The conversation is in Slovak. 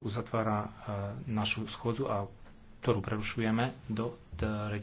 uzatvára e, našu schodzu, a ktorú prerušujeme do 3.